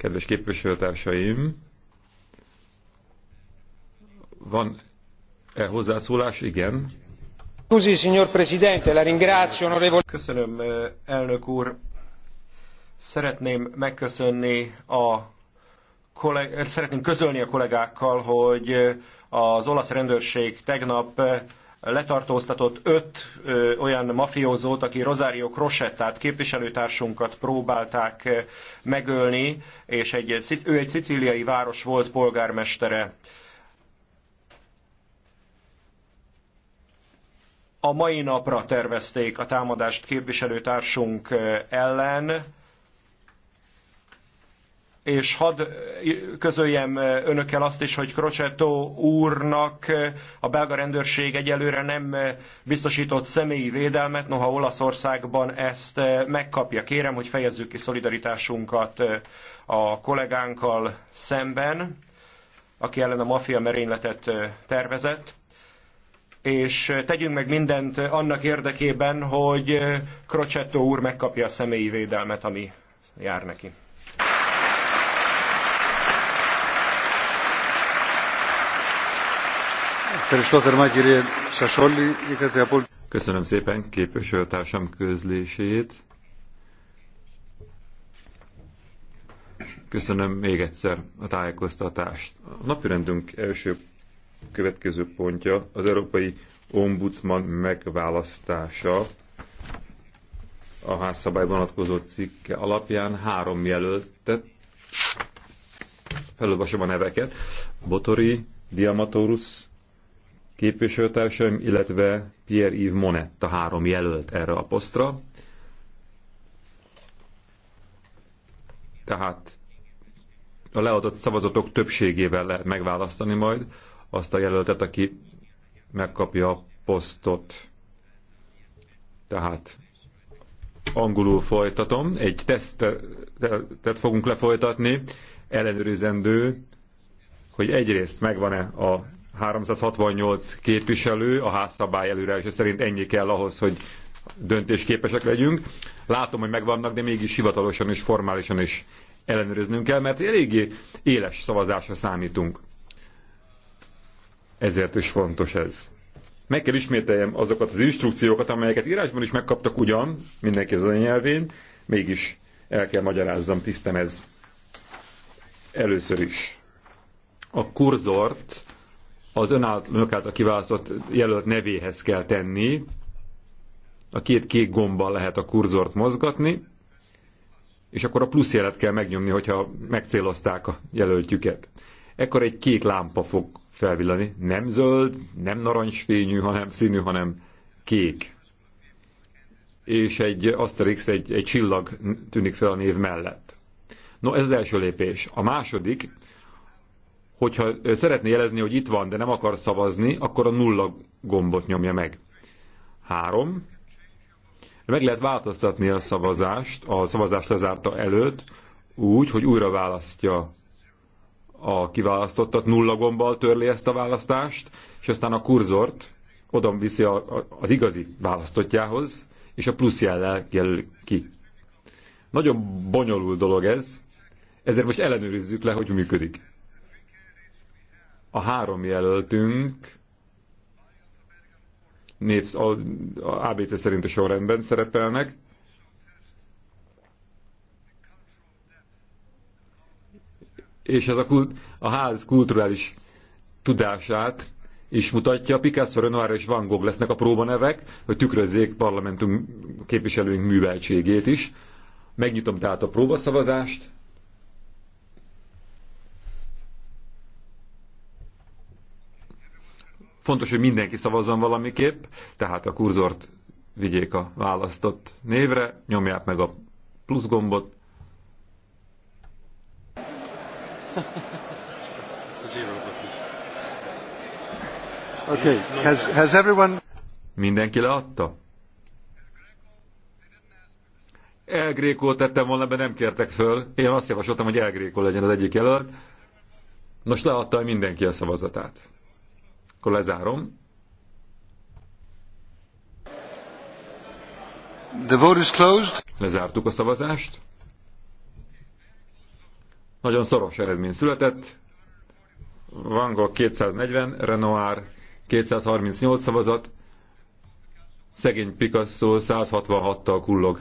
Kedves képviselőtársaim, van -e hozzászólás? Igen. Köszönöm, eh, elnök úr. Szeretném megköszönni a kollég... szeretném közölni a kollégákkal, hogy eh, az olasz rendőrség tegnap eh, letartóztatott öt ö, olyan mafiózót, aki Rosario Crosettát, képviselőtársunkat próbálták megölni, és egy, ő egy szicíliai város volt polgármestere. A mai napra tervezték a támadást képviselőtársunk ellen, és hadd közöljem önökkel azt is, hogy Crocetto úrnak a belga rendőrség egyelőre nem biztosított személyi védelmet, noha Olaszországban ezt megkapja. Kérem, hogy fejezzük ki szolidaritásunkat a kollégánkkal szemben, aki ellen a maffia merényletet tervezett és tegyünk meg mindent annak érdekében, hogy Crocetto úr megkapja a személyi védelmet, ami jár neki. Köszönöm szépen képviselőtársam közlését. Köszönöm még egyszer a tájékoztatást. A napirendünk első következő pontja az Európai Ombudsman megválasztása. A házszabály vonatkozó cikke alapján három jelöltet, felolvasom a neveket, Botori, Diamatorus, képviselőtársaim, illetve Pierre-Yves Monet, a három jelölt erre a posztra. Tehát a leadott szavazatok többségével lehet megválasztani majd azt a jelöltet, aki megkapja a posztot. Tehát angolul folytatom, egy tesztet fogunk lefolytatni, ellenőrizendő, hogy egyrészt megvan-e a 368 képviselő, a házszabály előreása szerint ennyi kell ahhoz, hogy döntésképesek legyünk. Látom, hogy megvannak, de mégis hivatalosan és formálisan is ellenőriznünk kell, mert eléggé éles szavazásra számítunk. Ezért is fontos ez. Meg kell ismételjem azokat az instrukciókat, amelyeket írásban is megkaptak ugyan, mindenki az anyanyelvén, mégis el kell magyarázzam, tisztem ez. Először is. A kurzort az önök által kiválasztott jelölt nevéhez kell tenni. A két kék gombbal lehet a kurzort mozgatni, és akkor a plusz jelet kell megnyomni, hogyha megcélozták a jelöltjüket. Ekkor egy kék lámpa fog felvillani. Nem zöld, nem narancsfényű, hanem színű, hanem kék. És egy Asterix, egy, egy csillag tűnik fel a név mellett. No, ez az első lépés. A második, hogyha szeretné jelezni, hogy itt van, de nem akar szavazni, akkor a nulla gombot nyomja meg. Három. Meg lehet változtatni a szavazást, a szavazást lezárta előtt, úgy, hogy újra választja a kiválasztottat, nulla gombbal törli ezt a választást, és aztán a kurzort oda viszi az igazi választottjához, és a plusz jellel jelöl ki. Nagyon bonyolult dolog ez, ezért most ellenőrizzük le, hogy működik a három jelöltünk név, a, a ABC szerint a sorrendben szerepelnek. És ez a, kult, a ház kulturális tudását is mutatja. Picasso, Renoir és Van Gogh lesznek a próbanevek, hogy tükrözzék parlamentum képviselőink műveltségét is. Megnyitom tehát a próbaszavazást. Fontos, hogy mindenki szavazzon valamiképp, tehát a kurzort vigyék a választott névre, nyomják meg a plusz gombot. Okay. Has, has everyone... Mindenki leadta? El Grékó tettem volna, de nem kértek föl. Én azt javasoltam, hogy El Grékó legyen az egyik jelölt. Nos, leadta mindenki a szavazatát. Akkor lezárom. The vote is closed. Lezártuk a szavazást. Nagyon szoros eredmény született. Van Gogh 240, Renoir 238 szavazat, szegény Picasso 166-tal kullog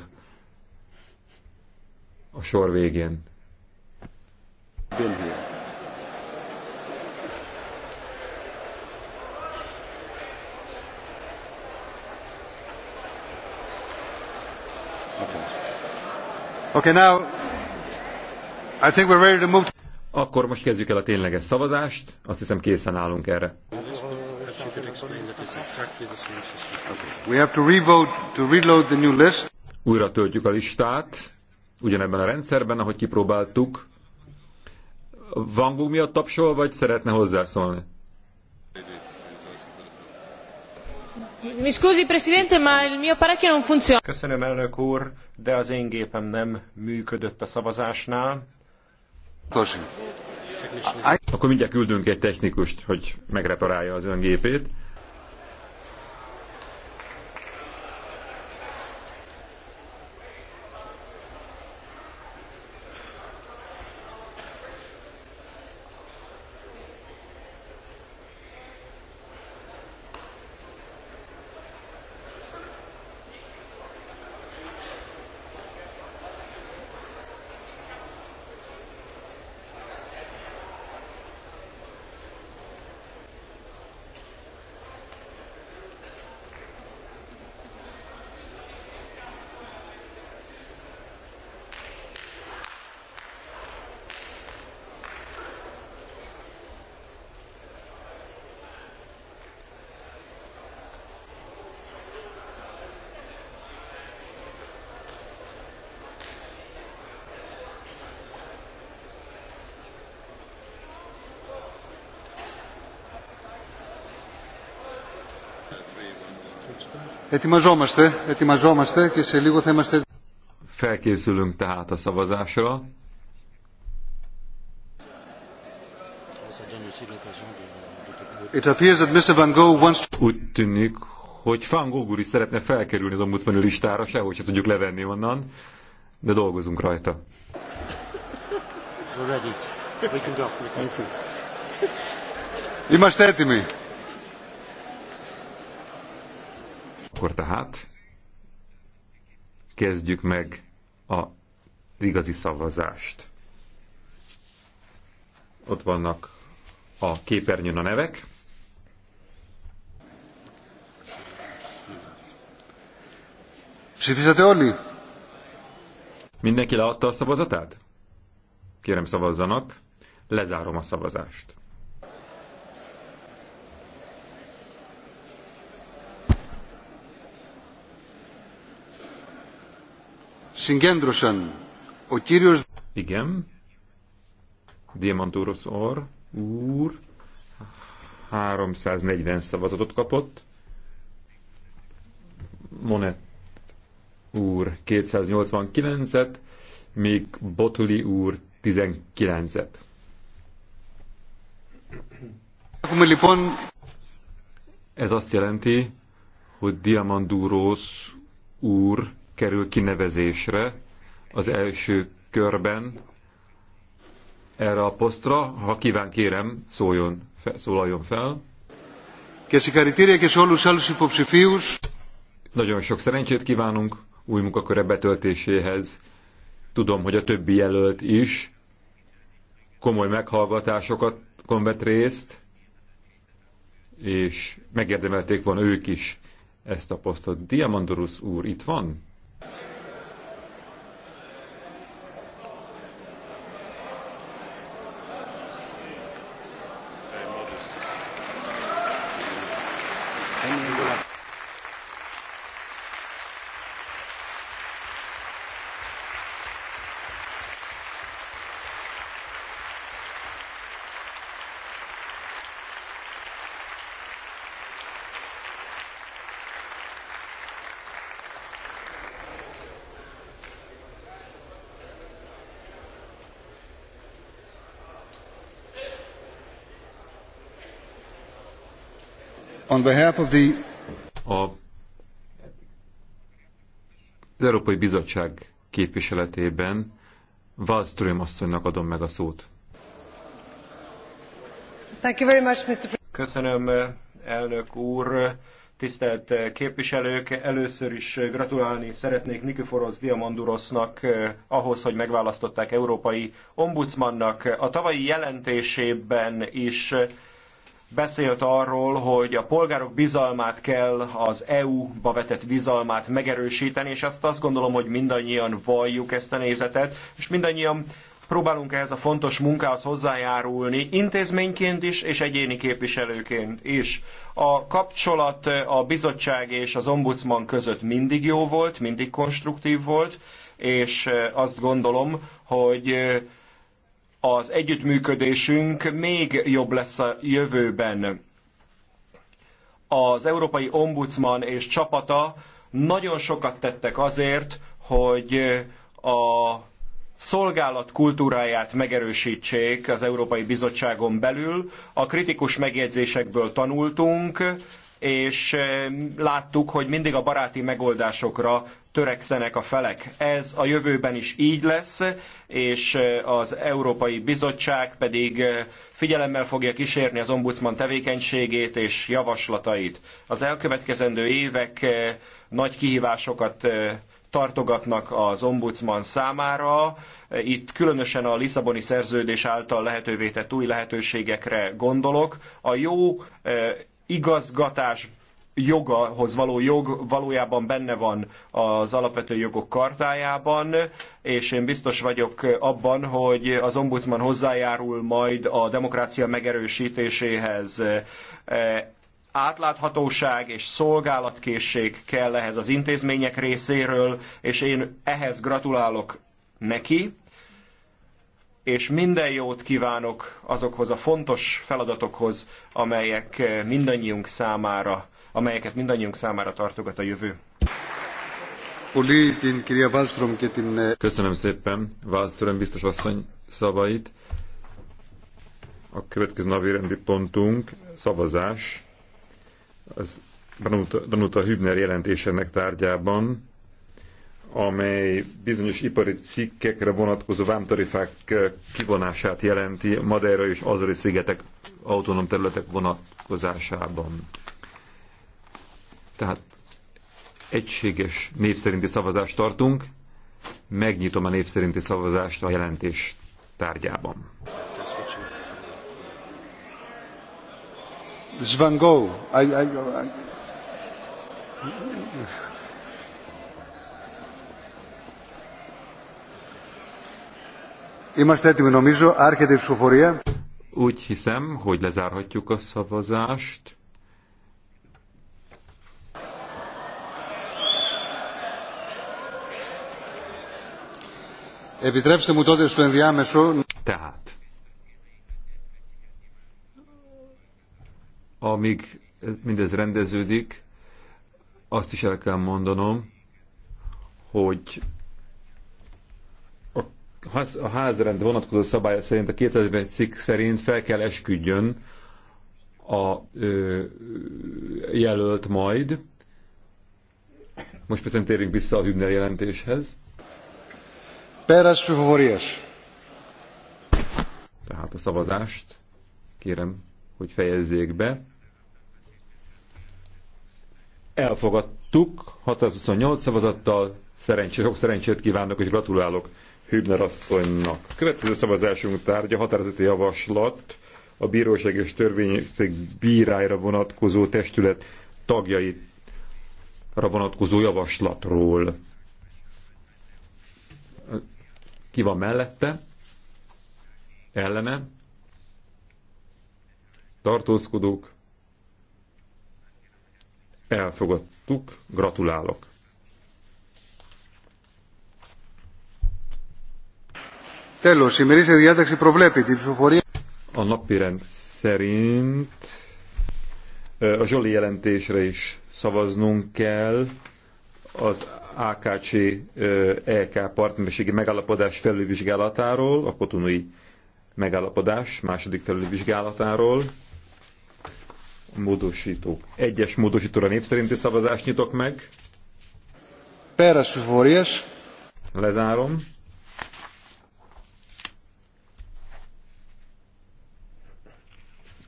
a sor végén. Been here. Okay, now I think we're ready to move. Akkor most kezdjük el a tényleges szavazást. Azt hiszem készen állunk erre. We have to revote, to reload the new list. Újra töltjük a listát, ugyanebben a rendszerben, ahogy kipróbáltuk. van Vangú miatt tapsol, vagy szeretne hozzászólni? Mi scusi, Presidente, ma il mio parecchio non funziona. Köszönöm, elnök úr de az én gépem nem működött a szavazásnál. Akkor mindjárt küldünk egy technikust, hogy megreparálja az ön gépét. Ετοιμαζόμαστε, ετοιμαζόμαστε και σε λίγο Felkészülünk tehát a szavazásra. It appears that Mr. Van Gogh wants to... Úgy tűnik, hogy Van Gogh úr is szeretne felkerülni az ombudsmani listára, sehogy se tudjuk levenni onnan, de dolgozunk rajta. We're ready. We can go. We can go. Είμαστε έτοιμοι. Akkor tehát kezdjük meg a igazi szavazást. Ott vannak a képernyőn a nevek. Ψηφίσατε Orli! Mindenki leadta a szavazatát? Kérem szavazzanak. Lezárom a szavazást. Συγκέντρωσαν ο κύριος... Igen. Diamantúros Orr úr 340 szavazatot kapott. Monet úr 289-et, még Botuli úr 19-et. Ez azt jelenti, hogy Diamandúros úr kerül kinevezésre az első körben erre a posztra. Ha kíván, kérem, szóljon, fe, szólaljon fel. Nagyon sok szerencsét kívánunk új munkaköre betöltéséhez. Tudom, hogy a többi jelölt is komoly meghallgatásokat konvet részt, és megérdemelték volna ők is ezt a posztot. Diamandorus úr itt van? On behalf of the... A, az Európai Bizottság képviseletében Wallström asszonynak adom meg a szót. Thank you very much, Mr. Köszönöm, elnök úr. Tisztelt képviselők, először is gratulálni szeretnék Nikiforos Diamandurosnak eh, ahhoz, hogy megválasztották európai ombudsmannak. A tavalyi jelentésében is eh, beszélt arról, hogy a polgárok bizalmát kell, az EU-ba vetett bizalmát megerősíteni, és ezt azt gondolom, hogy mindannyian valljuk ezt a nézetet, és mindannyian próbálunk ehhez a fontos munkához hozzájárulni, intézményként is, és egyéni képviselőként is. A kapcsolat a bizottság és az ombudsman között mindig jó volt, mindig konstruktív volt, és azt gondolom, hogy az együttműködésünk még jobb lesz a jövőben. Az Európai Ombudsman és csapata nagyon sokat tettek azért, hogy a szolgálat kultúráját megerősítsék az Európai Bizottságon belül. A kritikus megjegyzésekből tanultunk, és eh, láttuk, hogy mindig a baráti megoldásokra törekszenek a felek. Ez a jövőben is így lesz, és az Európai Bizottság pedig figyelemmel fogja kísérni az ombudsman tevékenységét és javaslatait. Az elkövetkezendő évek nagy kihívásokat tartogatnak az ombudsman számára. Itt különösen a Lisszaboni szerződés által lehetővé tett új lehetőségekre gondolok. A jó igazgatás jogahoz való jog valójában benne van az alapvető jogok kartájában, és én biztos vagyok abban, hogy az ombudsman hozzájárul majd a demokrácia megerősítéséhez e, átláthatóság és szolgálatkészség kell ehhez az intézmények részéről, és én ehhez gratulálok neki, és minden jót kívánok azokhoz a fontos feladatokhoz, amelyek mindannyiunk számára amelyeket mindannyiunk számára tartogat a jövő. Köszönöm szépen Wallström biztos asszony szavait. A következő napi rendi pontunk szavazás. Az Danuta, Hübner jelentésének tárgyában amely bizonyos ipari cikkekre vonatkozó vámtarifák kivonását jelenti Madeira és Azori szigetek autonóm területek vonatkozásában. Tehát egységes név szerinti szavazást tartunk. Megnyitom a név szerinti szavazást a jelentés tárgyában. Zvangó. Είμαστε έτοιμοι νομίζω, άρχεται η ψηφοφορία. Úgy hiszem, hogy lezárhatjuk a szavazást. Επιτρέψτε μου τότε στο ενδιάμεσο... Tehát, amíg mindez rendeződik, azt is el kell mondanom, hogy a házrend vonatkozó szabálya szerint, a 2001 cikk szerint fel kell esküdjön a ö, jelölt majd. Most persze térünk vissza a Hübner jelentéshez. Fivorias. Tehát a szavazást kérem, hogy fejezzék be. Elfogadtuk 628 szavazattal, szerencsé, sok szerencsét kívánok és gratulálok Hübner asszonynak. Következő szavazásunk tárgya határozati javaslat a bíróság és törvényszék bíráira vonatkozó testület tagjaira vonatkozó javaslatról. Ki van mellette? Ellene? Tartózkodók? Elfogadtuk. Gratulálok. Τέλος, η μερίσια διάταξη προβλέπει την ψηφοφορία. A napirend szerint a Zsoli jelentésre is szavaznunk kell az AKC-EK e partnerségi megállapodás felülvizsgálatáról, a kotonai megállapodás második felülvizsgálatáról. Módosítók. Egyes módosítóra népszerinti szavazást nyitok meg. Peres Fóriás. Lezárom.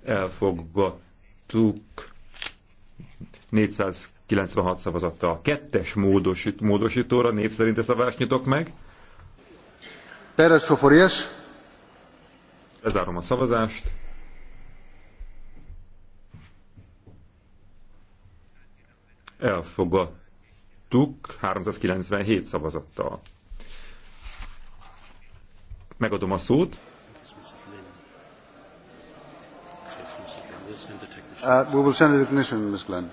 Elfogadtuk 400 96 szavazattal. Kettes módosít, módosítóra név szerint a szavást nyitok meg. Peres Soforias. Lezárom a szavazást. Elfogadtuk 397 szavazattal. Megadom a szót. Uh, we will send it to the Commission, Ms. Glenn.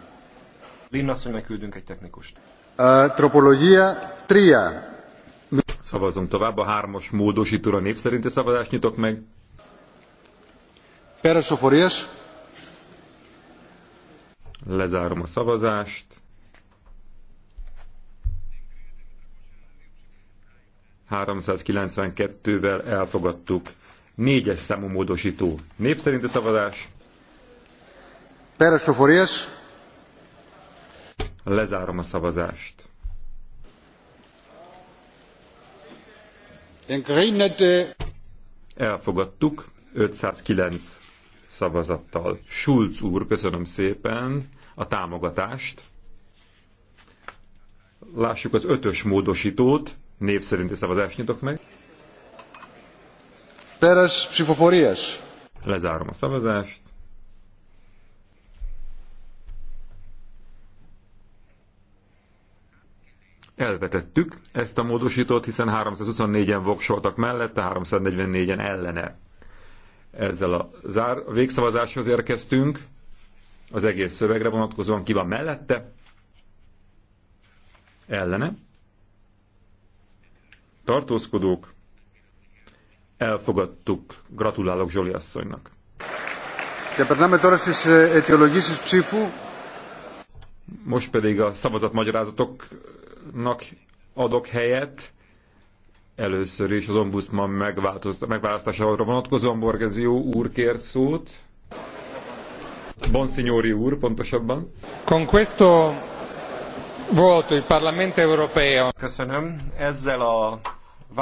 Linn asszonynak küldünk egy technikust. Uh, tropológia 3. Szavazunk tovább a hármas módosítóra név szerinti szavazást nyitok meg. Peresoforias. Lezárom a szavazást. ...392-vel elfogadtuk. Négyes számú módosító. Név szerint a szavazás. Peresoforias. Lezárom a szavazást. Elfogadtuk 509 szavazattal. Schulz úr, köszönöm szépen a támogatást. Lássuk az ötös módosítót. Név szerinti szavazást nyitok meg. Peres Lezárom a szavazást. Elvetettük ezt a módosítót, hiszen 324-en voksoltak mellette, 344-en ellene. Ezzel a zár a végszavazáshoz érkeztünk, az egész szövegre vonatkozóan ki van mellette, ellene. Tartózkodók, elfogadtuk. Gratulálok Zsoli asszonynak. Most pedig a szavazatmagyarázatok Ombudsmannak adok helyet, először is az ombudsman megválasztására vonatkozóan Borgezió úr kért szót. Bonsignori úr, pontosabban. Con questo voto il Parlamento europeo. Köszönöm. Ezzel a